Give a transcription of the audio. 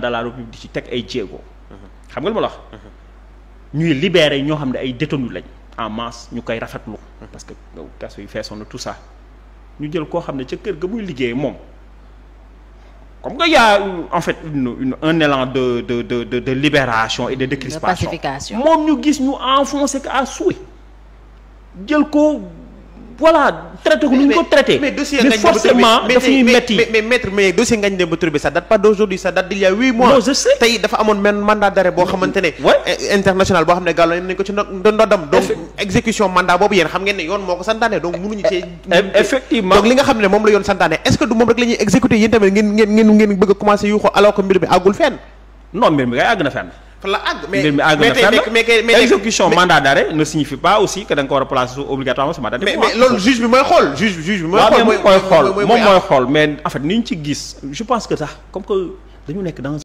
dans la république di ci teg ay jéego. xam nga lu ma la ñuy libéré ñoo xam ne ay détenus lañ en masse ñu koy rafetlu. parce que kaso yi feesoon na tout sax ñu jël koo xam ne ca kër ga muy liggéey moom. comme que y en fait une, une un élan de de de de de libération et de décrispation moom ñu gis ñu enfoncé que à souhait jël ko. voilà traité ko nu ñu ko traité. mais dossier Ngagne Demba Touré mais bi ça date pas d'aujourd'hui ça date d'il y a huit mois. non dafa amoon benn mandat boo xamante ne. international boo xam ne gàllankoor nañu ko ci ndondam. donc exécution mandat boobu yéen xam ngeen ne yoon moo ko santaane donc mënuñu cee. effectivement donc li nga xam ne moom la yoon santaane est-ce que du moom rek la exécuter yéen tamit ngeen ngeen ngeen bëgg a commencer yu xoo alors mbir mi àggul fa la àgg. mbir mi mais tey mais exécution mandat d'arrêt ne signifie pas aussi que da ko war a placer sous obligatoirement ce mandat. mais mais loolu juge bi mooy xool juge bi. mooy xool moom mooy xool mais en fait ni ñu ci gis je pense que sax comme que dañu nekk dans.